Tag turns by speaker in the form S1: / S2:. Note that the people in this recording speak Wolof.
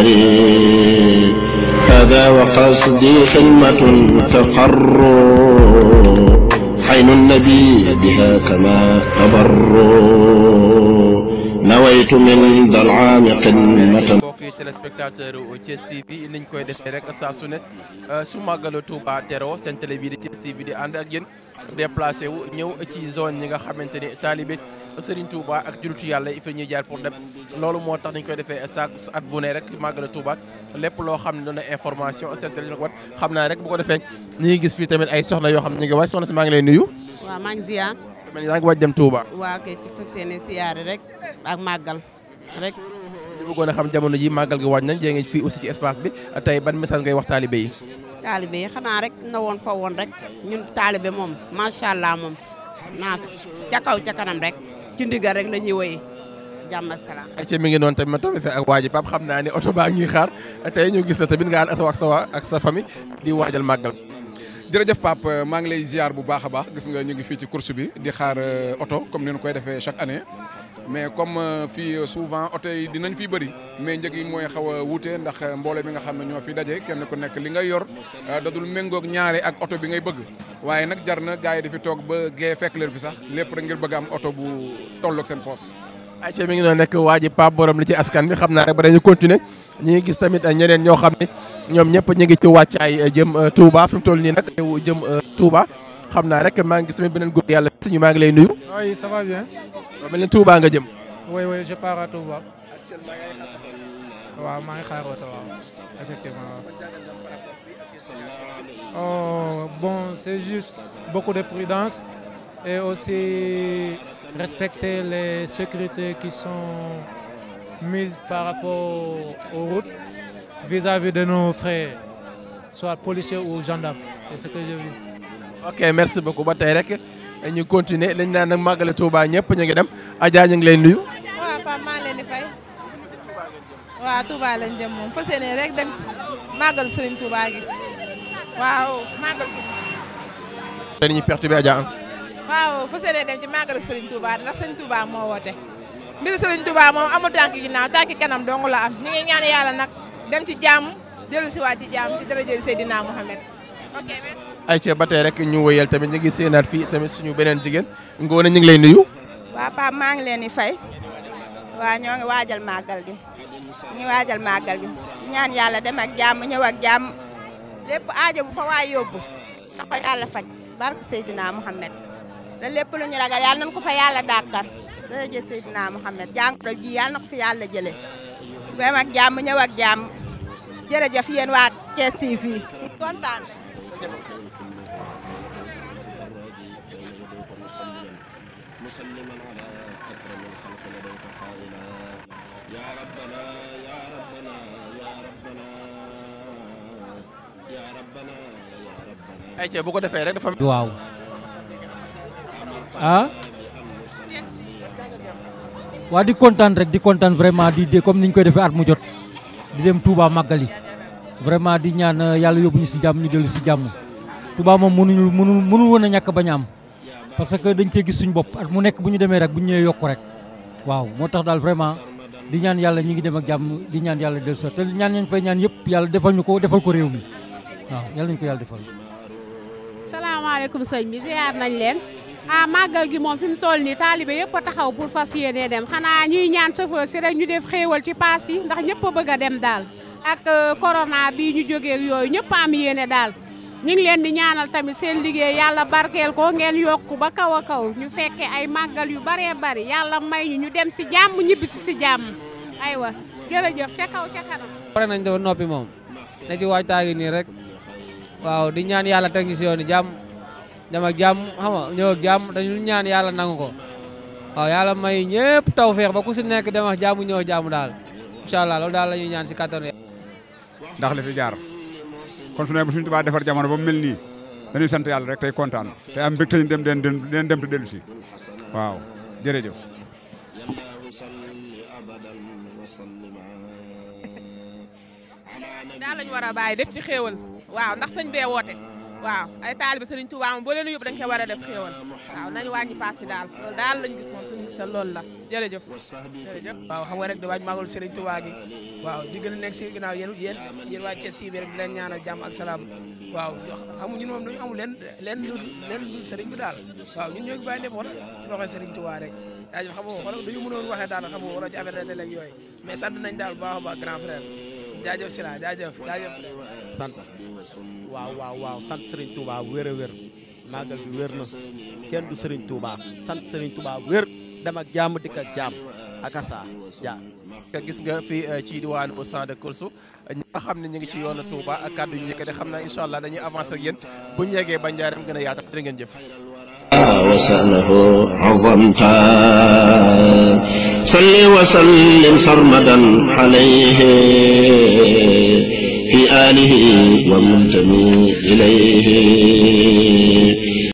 S1: البشر هذا وقصدي خلمة تقر عين النبي بها كما تبر nawaytu min dal aamiqin mbokki téléspectateur Thiès TV niñ koy defee rek saa su ne euh, su màggalu Touba teroo seen télé bii di Thiès TV di ànd ak yéen déplacé wu ñëw ci zone yi nga xamante ni taalibe Serigne Touba ak jullitu yàlla yi fi ñuy jaar pour dem loolu moo tax dañ koy defee sa at bu ne rek màggal Touba lépp loo xam ne doon na information seen télé xam naa rek bu ko defee ñu gis fii tamit ay soxna yoo xam ne ñu ngi waaj soxna si maa ngi maa ngi ziar. man yaa ngi waaj dem Touba. waaw kay ci rek ak màggal rek. ñu bëggoon a xam jamono ji màggal gi waaj nañ jee fii aussi ci espace bi tey ban message ngay wax taalibe yi. taalibe yi xanaa rek na woon fa woon rek ñun taalibe moom macha allah moom naa ca kaw ca kanam rek. ci ndigal rek na ñuy woy jàmm salaam. mi ngi noonu tamit ma tamit fi waa ji Pape xam naa ni oto baa ngi xaar tey ñoo gis la tamit nga ànd oto ak sa waa ak sa famille di waajal màggal. jërëjëf Pape maa ngi lay ziar bu baax a baax gis nga ñu ngi fii ci course bi di xaar euh, oto comme ni koy defee chaque année. mais comme euh, fii euh, souvent oto yi dinañ fi bëri mais njëg yi mooy xaw a wuute ndax euh, mboole mi nga xam ne ñoo fi daje kenn ku nekk li ngay yor dadul méngoog ñaare ak oto bi ngay bëgg waaye nag jar na gars yi dafi toog ba gee fekk leen fi sax lépp rek ngir bëgg am oto bu tolloog seen poos ayca mi ngi noonu nekk waa ji Pape li ci askan bi xam naa rek ba dañuy continuer ñi ngi gis tamit ñeneen ñoo xam ne ñoom ñëpp ñu ngi ci wàccaay jëm Touba fi mu toll nii nag jëm Touba xam naa rek maa ngi gis beneen góor yàlla suñu maa ngi lay nuyu. Ah oui ça va bien. waaw mel nga jëm. oui oui je pars à waaw maa ngi xaar oto waaw effectivement oh, bon c'est juste beaucoup de prudence et aussi respecter les sécurités qui sont mises par rapport aux routes vis-à-vis de nos frères soit policiers ou gendarmes c'est ce que j'ai vu. ok merci beaucoup ba tey rek ñu continuer lañ naan nag màggale Touba ñëpp ñu ngi dem Adja ñu ngi lay nuyu. waaw maa leen di fay. waaw Touba lañ jëm moom fas yéene rek dem màggal Serigne Touba gi waaw màggal. dañuy perturbé Adja am. Ah. waaw fas yéene dem ci màggal Serigne Touba moo woote. mbiru Serigne Touba moom amul tànki ginnaaw tànki kanam dong la am ñu ngi ñaan nag dem ci jàmm dellu si waat ci jàmm ci daraja Seydina Mouhamed. ay ayca ba tey rek ñu woyal tamit ñu ngi seenaat fii suñu beneen jigéen a ñu ngi lay nuyu. waa Pape maa ngi leen di fay. waa ñoo ngi waajal màggal gi. ñu waajal màggal gi ñaan yàlla dem ak jàmm ñëw ak jàmm lépp aajo bu fa waay yóbbu. na ko yàlla faj barke Seydina Mohamed. la lépp lu ñu ragal yàlla nañ ko fa yàlla dàkkar dana jël Seydina Mohamed jàngoro ji yàlla na ko fi yàlla jëlee. dem ak jàmm ñëw ak jàmm jërëjëf yéen waa Thiès TV. مسلما bu ko defee rek dafa waaw ah? waa di kontaan rek di kontaan vraiment di dee comme niñ koy defee at mu jot di dem Touba màggali vraiment di ñaan euh, yàlla yóbbu si jàmm ñu dellu si jàmm Touba moom mënuñu mënul mënul woon ñàkk bañ a am parce que dañ cee gis suñu bopp ak mu nekk bu ñu demee rek bu ñu ñëwee yokku rek waaw moo tax daal vraiment di ñaan yàlla ñi ngi dem ak jàmm di ñaan yàlla dellu si te ñaan ñañ fay ñaan yëpp yàlla defal ñu ko defal ko réew mi waaw yàlla ñu ko yàlla defal salaamaaleykum sëñ bi ziar nañ leen ah màggal gi moom fi mu toll nii taalibe yëpp a taxaw pour fas yéene dem xanaa ñuy ñaan chauffeur si rek ñu def xéewal ci paas yi ndax ñëpp a bëgg a dem daal ak euh, corona bii ñu jógee yooyu ñëpp am yéene daal ñu leen di ñaanal tamit seen liggéey yàlla barkeel ko ngeen yokk ba kaw a kaw ñu fekkee ay màggal yu baree bari yàlla may ñu ñu dem si jàmm ñibbi si si jàmm aywa jërëjëf ca kaw ca kanam. pare nañ noppi moom ne ci waajtaay gi rek waaw di ñaan yàlla teg ñu si yoon jàmm dem ak jàmm xam nga jàmm dañu ñaan yàlla nangu ko waaw yàlla may ñëpp tawféex ba ku si nekk dem ak jàmm ñëw jàmm daal incha allah loolu daal la ñuy ñaan si kattan ndax li fi jaar kon su ne bu suñu defar jamono ba mel nii dañuy sant yàlla rek tey kontaan te am mbégte ñu dem den den dem te waaw jërëjëf daal lañu war def ci xéewal waaw ndax sëñ bee woote waaw ay taalibe Serigne Touba moom boo leen yóbbu dañ koy war a def xéewal waaw nañu wàññi paas daal daal lañ gis moom suñu gis te la jërëjëf jërëjëf waaw xam nga rek di waaj màggal Serigne Touba gi waaw di a nekk si ginnaaw yéen yéen yéen waa Thiès TV rek di leen ñaanal jàmm ak salaam waaw xamu ñun moom dañu amul leen leen lu leen lu Serigne bi daal waaw ñun ñoo ngi bàyyi lépp wala ci loxoy Serigne Touba rek yaa jëf daal xam nga a baax grand frère jaajëf Sila jaajëf jaajëf waaw waaw waaw sant Serigne Touba wér a wér màggal bi wér na kenn du Serigne Touba sant Serigne Touba wér dem ak jàmm dikk ak jàmm akasa ja gis nga fi eh, ci diwaan au centre de Koulsou xam ne ñu ngi ci yoonu Touba ak kàddu yu yëkkati xam naa incha allah dañuy avancer ak bu ñu yeggee ba gën a yaatal dégg ngeen jëf. وسأله عظمت صل وسلم سرمدا عليه في آله والمنتمي إليه